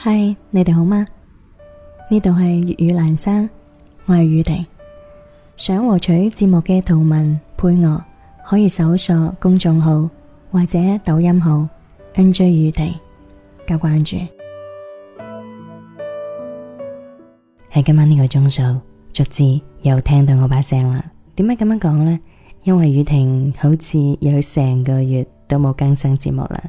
嗨，Hi, 你哋好嗎？呢度係粵語蘭山，我係宇婷。想獲取節目嘅圖文配樂，可以搜索公眾號或者抖音號 NJ 宇婷加關注。喺今晚呢個鐘數，逐字又聽到我把聲啦。點解咁樣講呢？因為宇婷好似有成個月都冇更新節目啦。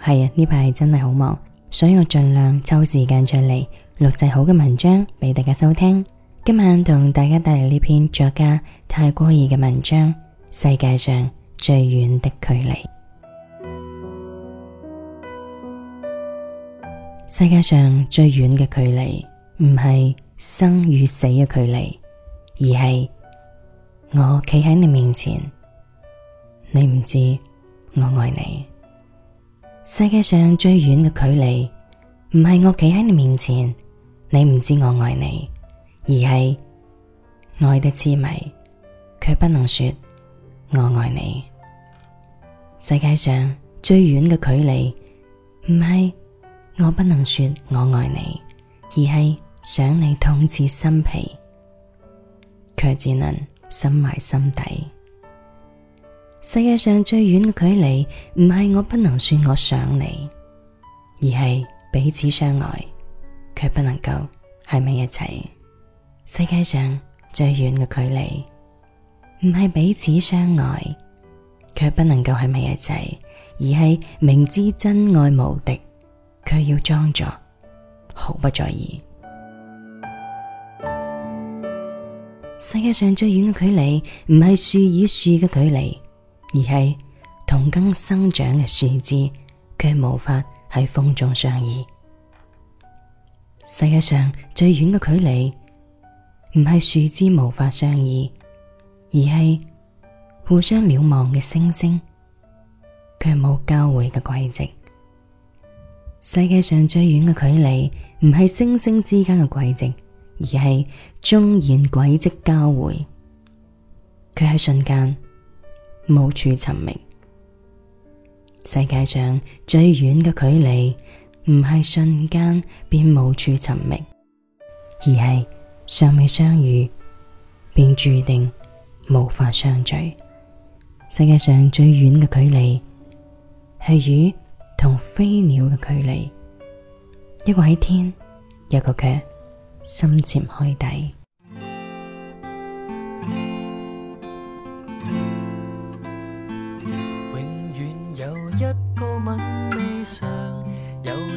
係啊，呢排真係好忙。所以我盡量抽時間出嚟錄製好嘅文章俾大家收聽。今晚同大家帶嚟呢篇作家泰戈爾嘅文章《世界上最遠的距離》。世界上最遠嘅距離唔係生與死嘅距離，而係我企喺你面前，你唔知我愛你。世界上最遠嘅距離，唔係我企喺你面前，你唔知我愛你，而係愛得痴迷，卻不能說我愛你。世界上最遠嘅距離，唔係我不能說我愛你，而係想你痛徹心脾，卻只能深埋心底。世界上最遠嘅距離，唔係我不能說我想你，而係彼此相愛卻不能夠喺埋一齊。世界上最遠嘅距離，唔係彼此相愛卻不能夠喺埋一齊，而係明知真愛無敵，卻要裝作毫不在意。世界上最遠嘅距離，唔係樹與樹嘅距離。而係同根生長嘅樹枝，卻無法喺風中相依。世界上最遠嘅距離，唔係樹枝無法相依，而係互相瞭望嘅星星，卻冇交會嘅軌跡。世界上最遠嘅距離，唔係星星之間嘅軌跡，而係縱然軌跡交會，佢喺瞬間，無處尋覓，世界上最遠嘅距離唔係瞬間便無處尋覓，而係尚未相遇便注定無法相聚。世界上最遠嘅距離係魚同飛鳥嘅距離，一個喺天，一個卻深潛海底。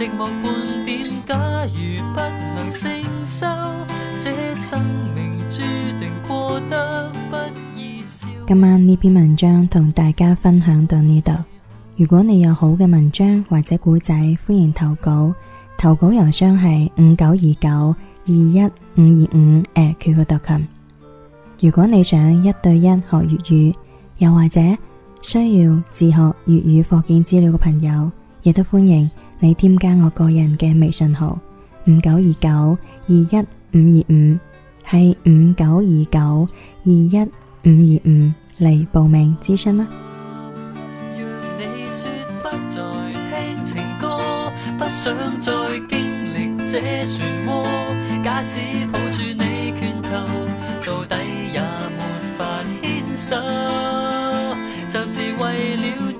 寂寞半點，假如不能承受，這生命注定過得不易。今晚呢篇文章同大家分享到呢度。如果你有好嘅文章或者古仔，歡迎投稿。投稿郵箱係五九二九二一五二五 at QQ 點 com。如果你想一對一學粵語，又或者需要自學粵語課件資料嘅朋友，亦都歡迎。你添加我個人嘅微信號五九二九二一五二五，係五九二九二一五二五嚟報名諮詢啦。你你，不不再再情歌，想漩假使抱住到底，也法手，就是了。